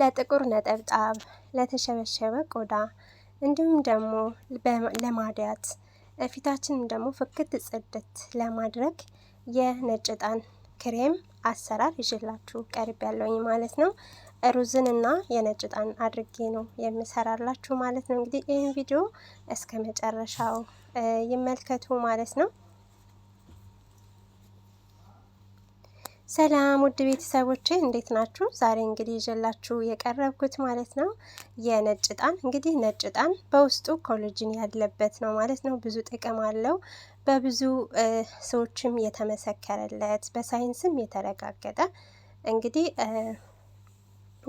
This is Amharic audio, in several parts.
ለጥቁር ነጠብጣብ፣ ለተሸበሸበ ቆዳ እንዲሁም ደግሞ ለማድያት ፊታችንም ደግሞ ፍክት ጽድት ለማድረግ የነጭ ዕጣን ክሬም አሰራር ይዤላችሁ ቀርብ ያለውኝ ማለት ነው። ሩዝን እና የነጭ ዕጣን አድርጌ ነው የምሰራላችሁ ማለት ነው። እንግዲህ ይህን ቪዲዮ እስከ መጨረሻው ይመልከቱ ማለት ነው። ሰላም ውድ ቤተሰቦቼ እንዴት ናችሁ? ዛሬ እንግዲህ ይዤላችሁ የቀረብኩት ማለት ነው የነጭ ጣን። እንግዲህ ነጭ ጣን በውስጡ ኮሎጅን ያለበት ነው ማለት ነው። ብዙ ጥቅም አለው። በብዙ ሰዎችም የተመሰከረለት በሳይንስም የተረጋገጠ እንግዲህ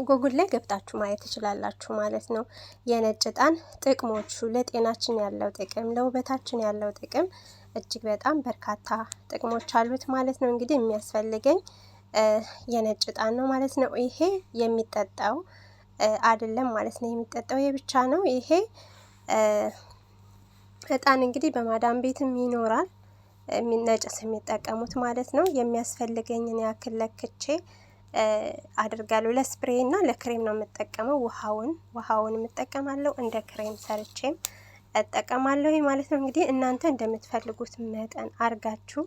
ጉጉል ላይ ገብታችሁ ማየት ትችላላችሁ ማለት ነው። የነጭ ጣን ጥቅሞቹ፣ ለጤናችን ያለው ጥቅም፣ ለውበታችን ያለው ጥቅም እጅግ በጣም በርካታ ጥቅሞች አሉት ማለት ነው። እንግዲህ የሚያስፈልገኝ የነጭ እጣን ነው ማለት ነው። ይሄ የሚጠጣው አይደለም ማለት ነው። የሚጠጣው የብቻ ነው። ይሄ እጣን እንግዲህ በማዳም ቤትም ይኖራል ነጭስ የሚጠቀሙት ማለት ነው። የሚያስፈልገኝን ያክል ለክቼ አድርጋለሁ። ለስፕሬ እና ለክሬም ነው የምጠቀመው። ውሃውን ውሃውን የምጠቀማለሁ እንደ ክሬም ሰርቼም እጠቀማለሁ ማለት ነው። እንግዲህ እናንተ እንደምትፈልጉት መጠን አርጋችሁ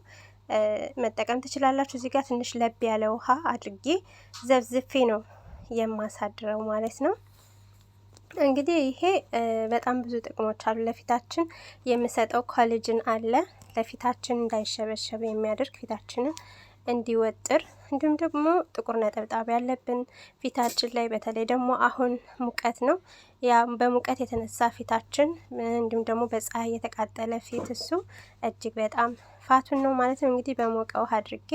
መጠቀም ትችላላችሁ። እዚህ ጋር ትንሽ ለብ ያለ ውሃ አድርጌ ዘብዝፌ ነው የማሳድረው ማለት ነው። እንግዲህ ይሄ በጣም ብዙ ጥቅሞች አሉ። ለፊታችን የምሰጠው ኮሌጅን አለ። ለፊታችን እንዳይሸበሸብ የሚያደርግ ፊታችንን እንዲወጥር እንዲሁም ደግሞ ጥቁር ነጠብጣብ ያለብን ፊታችን ላይ በተለይ ደግሞ አሁን ሙቀት ነው። ያ በሙቀት የተነሳ ፊታችን እንዲሁም ደግሞ በፀሐይ የተቃጠለ ፊት እሱ እጅግ በጣም ፋቱን ነው ማለት ነው። እንግዲህ በሞቀ ውሃ አድርጌ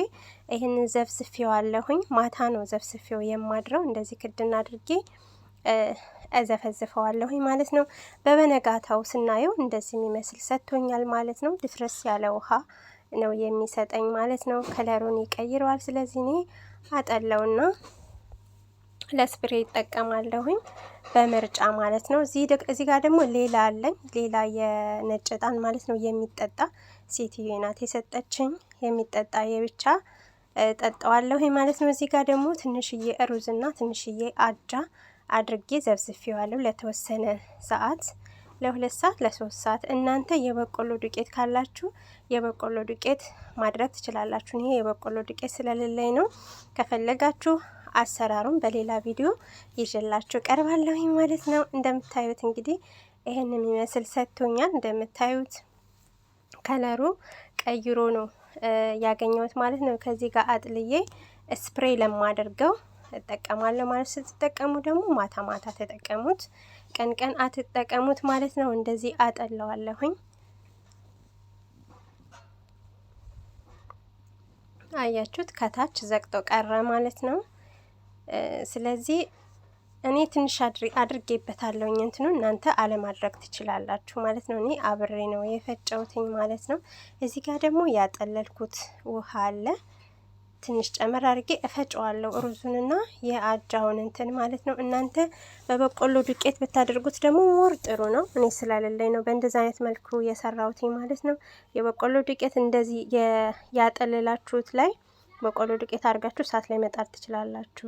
ይህንን ዘፍዝፌው አለሁኝ። ማታ ነው ዘፍዝፌው የማድረው። እንደዚህ ክድን አድርጌ እዘፈዝፈዋለሁኝ ማለት ነው። በበነጋታው ስናየው እንደዚህ የሚመስል ሰጥቶኛል ማለት ነው። ድፍረስ ያለ ውሃ ነው የሚሰጠኝ ማለት ነው። ከለሩን ይቀይረዋል። ስለዚህ እኔ አጠለውና ለስፕሬ ይጠቀማለሁኝ በምርጫ ማለት ነው። እዚህ ጋር ደግሞ ሌላ አለኝ። ሌላ የነጭ እጣን ማለት ነው የሚጠጣ ሴትዮ ናት የሰጠችኝ። የሚጠጣ የብቻ ጠጣዋለሁኝ ማለት ነው። እዚህ ጋር ደግሞ ትንሽዬ ሩዝና ትንሽዬ አጃ አድርጌ ዘብዝፌዋለሁ ለተወሰነ ሰዓት ለሁለት ሰዓት ለሶስት ሰዓት እናንተ የበቆሎ ዱቄት ካላችሁ የበቆሎ ዱቄት ማድረግ ትችላላችሁ። ይሄ የበቆሎ ዱቄት ስለሌለኝ ነው። ከፈለጋችሁ አሰራሩን በሌላ ቪዲዮ ይዤላችሁ ቀርባለሁ ማለት ነው። እንደምታዩት እንግዲህ ይህን የሚመስል ሰጥቶኛል። እንደምታዩት ከለሩ ቀይሮ ነው ያገኘሁት ማለት ነው። ከዚህ ጋር አጥልዬ ስፕሬይ ለማደርገው እጠቀማለሁ ማለት ስትጠቀሙ ደግሞ ማታ ማታ ተጠቀሙት። ቀን ቀን አትጠቀሙት ማለት ነው። እንደዚህ አጠለዋለሁኝ። አያችሁት? ከታች ዘግቶ ቀረ ማለት ነው። ስለዚህ እኔ ትንሽ አድርጌበታለሁኝ እንትኑ እናንተ አለማድረግ ትችላላችሁ ማለት ነው። እኔ አብሬ ነው የፈጨውትኝ ማለት ነው። እዚህ ጋር ደግሞ ያጠለልኩት ውሃ አለ። ትንሽ ጨመር አድርጌ እፈጨዋለሁ ሩዙንና የአጃውን እንትን ማለት ነው። እናንተ በበቆሎ ዱቄት ብታደርጉት ደግሞ ሞር ጥሩ ነው። እኔ ስላለለኝ ነው በእንደዚህ አይነት መልኩ የሰራሁት ማለት ነው። የበቆሎ ዱቄት እንደዚህ ያጠለላችሁት ላይ በቆሎ ዱቄት አድርጋችሁ እሳት ላይ መጣድ ትችላላችሁ።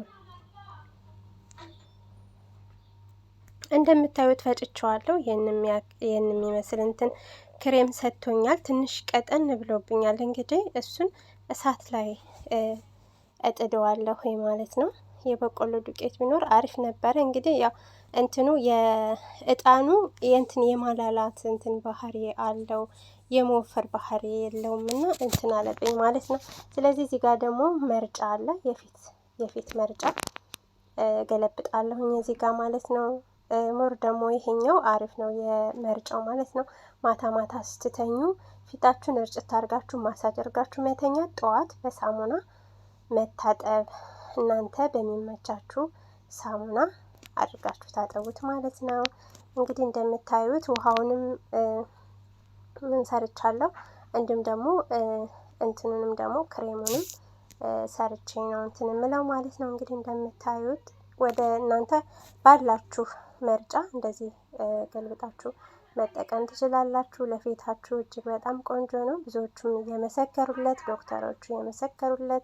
እንደምታዩት ፈጭቸዋለሁ። ይህን የሚመስል እንትን ክሬም ሰጥቶኛል። ትንሽ ቀጠን ብሎብኛል። እንግዲህ እሱን እሳት ላይ እጥደዋለሁ ማለት ነው። የበቆሎ ዱቄት ቢኖር አሪፍ ነበረ። እንግዲህ ያው እንትኑ የእጣኑ የእንትን የማላላት እንትን ባህሪ አለው የመወፈር ባህሪ የለውም እና እንትን አለብኝ ማለት ነው። ስለዚህ እዚህ ጋር ደግሞ መርጫ አለ። የፊት የፊት መርጫ ገለብጣለሁኝ እዚህ ጋር ማለት ነው። ሞር ደግሞ ይሄኛው አሪፍ ነው የመርጫው ማለት ነው። ማታ ማታ ስትተኙ ፊታችሁን እርጭት አድርጋችሁ ማሳጅ አድርጋችሁ መተኛት፣ ጠዋት በሳሙና መታጠብ እናንተ በሚመቻችሁ ሳሙና አድርጋችሁ ታጠቡት ማለት ነው። እንግዲህ እንደምታዩት ውሃውንም እንሰርቻለሁ እንዲሁም ደግሞ እንትኑንም ደግሞ ክሬሙንም ሰርቼ ነው እንትን የምለው ማለት ነው። እንግዲህ እንደምታዩት ወደ እናንተ ባላችሁ መርጫ እንደዚህ ገልብጣችሁ መጠቀም ትችላላችሁ። ለፊታችሁ እጅግ በጣም ቆንጆ ነው። ብዙዎቹም የመሰከሩለት፣ ዶክተሮቹ የመሰከሩለት፣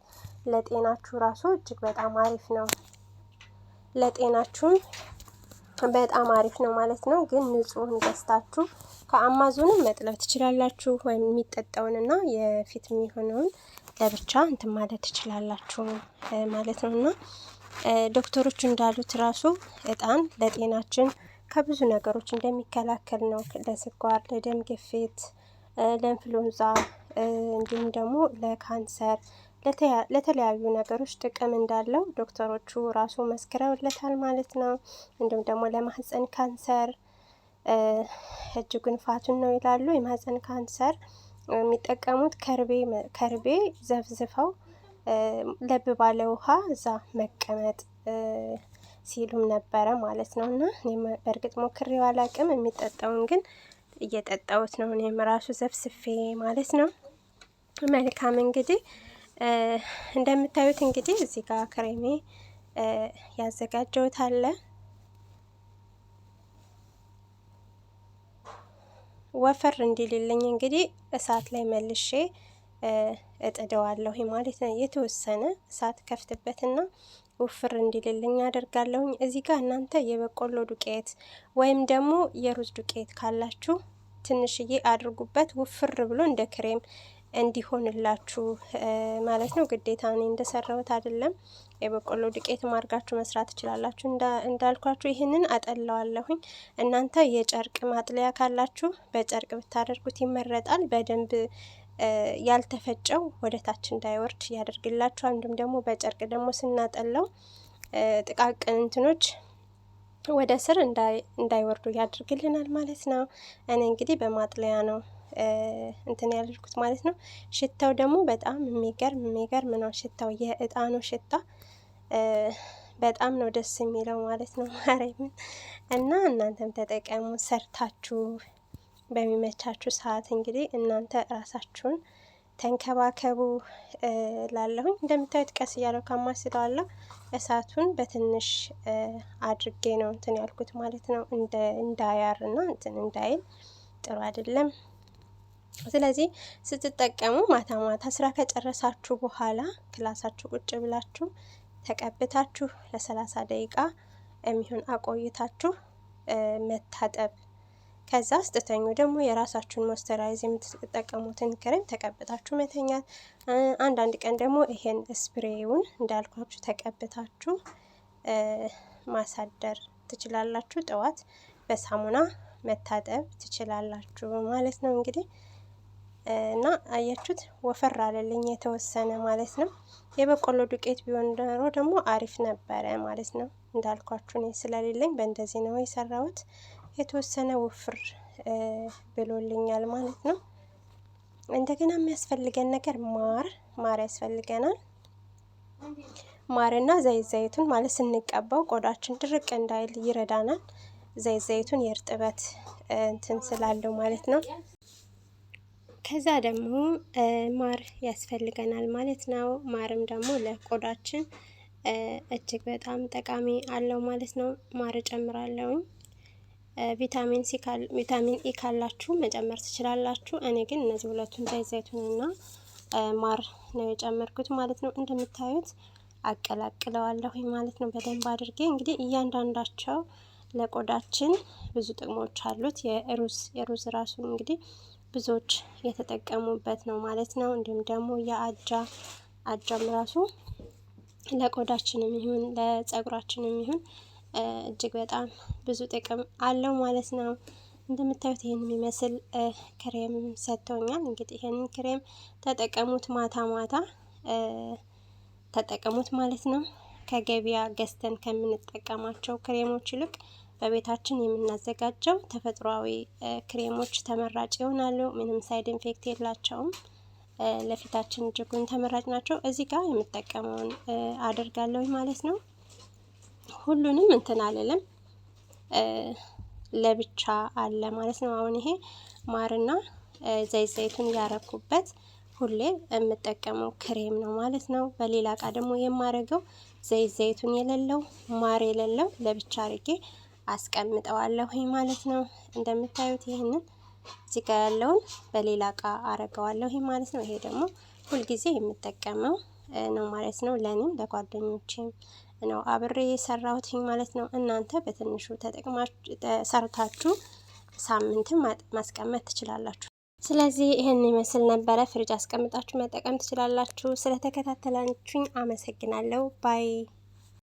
ለጤናችሁ ራሱ እጅግ በጣም አሪፍ ነው። ለጤናችሁም በጣም አሪፍ ነው ማለት ነው። ግን ንጹህን ገዝታችሁ ከአማዞንም መጥለብ ትችላላችሁ። ወይም የሚጠጣውንና የፊት የሚሆነውን ለብቻ እንትን ማለት ትችላላችሁ ማለት ነው እና ዶክተሮቹ እንዳሉት ራሱ እጣን ለጤናችን ከብዙ ነገሮች እንደሚከላከል ነው። ለስኳር፣ ለደም ግፊት፣ ለኢንፍሉዌንዛ እንዲሁም ደግሞ ለካንሰር ለተለያዩ ነገሮች ጥቅም እንዳለው ዶክተሮቹ ራሱ መስክረውለታል ማለት ነው። እንዲሁም ደግሞ ለማህፀን ካንሰር እጅጉን ፋቱን ነው ይላሉ። የማህፀን ካንሰር የሚጠቀሙት ከርቤ ዘፍዝፈው ለብ ባለ ውሃ እዛ መቀመጥ ሲሉም ነበረ ማለት ነው። እና እኔም በእርግጥ ሞክሬው አላቅም፣ የሚጠጣውን ግን እየጠጣሁት ነው እኔም ራሱ ዘፍስፌ ማለት ነው። መልካም እንግዲህ እንደምታዩት እንግዲህ እዚህ ጋር ክሬሜ ያዘጋጀሁት አለ። ወፈር እንዲልልኝ እንግዲህ እሳት ላይ መልሼ እጥደዋለሁ ማለት ነው። የተወሰነ እሳት ከፍትበትና ውፍር እንዲልልኝ አደርጋለሁኝ። እዚህ ጋር እናንተ የበቆሎ ዱቄት ወይም ደግሞ የሩዝ ዱቄት ካላችሁ ትንሽዬ አድርጉበት። ውፍር ብሎ እንደ ክሬም እንዲሆንላችሁ ማለት ነው። ግዴታ እኔ እንደሰራሁት አይደለም። የበቆሎ ዱቄት ማርጋችሁ መስራት ትችላላችሁ። እንዳልኳችሁ ይህንን አጠለዋለሁኝ። እናንተ የጨርቅ ማጥለያ ካላችሁ በጨርቅ ብታደርጉት ይመረጣል። በደንብ ያልተፈጨው ወደ ታች እንዳይወርድ ያደርግላችኋል። እንዲሁም ደግሞ በጨርቅ ደግሞ ስናጠለው ጥቃቅን እንትኖች ወደ ስር እንዳይወርዱ ያደርግልናል ማለት ነው። እኔ እንግዲህ በማጥለያ ነው እንትን ያደርጉት ማለት ነው። ሽታው ደግሞ በጣም የሚገርም የሚገርም ነው። ሽታው የእጣኑ ሽታ በጣም ነው ደስ የሚለው ማለት ነው። ማርያምን እና እናንተም ተጠቀሙ ሰርታችሁ በሚመቻችሁ ሰዓት እንግዲህ እናንተ ራሳችሁን ተንከባከቡ ላለሁኝ። እንደምታዩት ቀስ እያለው ካማስለዋለሁ እሳቱን በትንሽ አድርጌ ነው እንትን ያልኩት ማለት ነው። እንዳያር እና እንትን እንዳይል ጥሩ አይደለም። ስለዚህ ስትጠቀሙ ማታ ማታ ስራ ከጨረሳችሁ በኋላ ክላሳችሁ ቁጭ ብላችሁ ተቀብታችሁ ለሰላሳ ደቂቃ የሚሆን አቆይታችሁ መታጠብ ከዛ ስትተኙ ደግሞ የራሳችሁን ሞስተራይዝ የምትጠቀሙትን ክሬም ተቀብታችሁ መተኛት። አንዳንድ ቀን ደግሞ ይሄን ስፕሬውን እንዳልኳችሁ ተቀብታችሁ ማሳደር ትችላላችሁ። ጠዋት በሳሙና መታጠብ ትችላላችሁ ማለት ነው እንግዲህ እና አያችሁት ወፈር አለልኝ የተወሰነ ማለት ነው። የበቆሎ ዱቄት ቢሆን ኖሮ ደግሞ አሪፍ ነበረ ማለት ነው። እንዳልኳችሁ እኔ ስለሌለኝ በእንደዚህ ነው የሰራሁት። የተወሰነ ውፍር ብሎልኛል ማለት ነው። እንደገና የሚያስፈልገን ነገር ማር ማር ያስፈልገናል። ማርና ዘይት ዘይቱን ማለት ስንቀባው ቆዳችን ድርቅ እንዳይል ይረዳናል። ዘይት ዘይቱን የእርጥበት እንትን ስላለው ማለት ነው። ከዛ ደግሞ ማር ያስፈልገናል ማለት ነው። ማርም ደግሞ ለቆዳችን እጅግ በጣም ጠቃሚ አለው ማለት ነው። ማር እጨምራለሁኝ። ቪታሚን ሲ ቪታሚን ኢ ካላችሁ መጨመር ትችላላችሁ። እኔ ግን እነዚህ ሁለቱን ሻይ ዘይቱንና ማር ነው የጨመርኩት ማለት ነው። እንደምታዩት አቀላቅለዋለሁ ማለት ነው በደንብ አድርጌ። እንግዲህ እያንዳንዳቸው ለቆዳችን ብዙ ጥቅሞች አሉት። የሩዝ የሩዝ ራሱን እንግዲህ ብዙዎች የተጠቀሙበት ነው ማለት ነው። እንዲሁም ደግሞ የአጃ አጃም ራሱ ለቆዳችንም ይሁን ለጸጉራችንም ይሁን እጅግ በጣም ብዙ ጥቅም አለው ማለት ነው። እንደምታዩት ይህን የሚመስል ክሬም ሰጥቶኛል። እንግዲህ ይህንን ክሬም ተጠቀሙት፣ ማታ ማታ ተጠቀሙት ማለት ነው። ከገበያ ገዝተን ከምንጠቀማቸው ክሬሞች ይልቅ በቤታችን የምናዘጋጀው ተፈጥሯዊ ክሬሞች ተመራጭ ይሆናሉ። ምንም ሳይድ ኢንፌክት የላቸውም። ለፊታችን እጅጉን ተመራጭ ናቸው። እዚህ ጋር የምጠቀመውን አድርጋለሁ ማለት ነው። ሁሉንም እንትን አልልም ለብቻ አለ ማለት ነው። አሁን ይሄ ማርና ዘይት ዘይቱን ያረኩበት ሁሌ የምጠቀመው ክሬም ነው ማለት ነው። በሌላ እቃ ደግሞ የማረገው ዘይት ዘይቱን የሌለው ማር የሌለው ለብቻ አርጌ አስቀምጠዋለሁ ማለት ነው። እንደምታዩት ይህንን እዚጋ ያለውን በሌላ እቃ አረገዋለሁ ማለት ነው። ይሄ ደግሞ ሁልጊዜ የምጠቀመው ነው ማለት ነው። ለኔም ለጓደኞቼም ነው አብሬ የሰራሁትኝ ማለት ነው። እናንተ በትንሹ ተጠቅማችሁ ሰርታችሁ ሳምንትን ማስቀመጥ ትችላላችሁ። ስለዚህ ይህን ይመስል ነበረ። ፍሪጅ አስቀምጣችሁ መጠቀም ትችላላችሁ። ስለተከታተላችሁኝ አመሰግናለሁ ባይ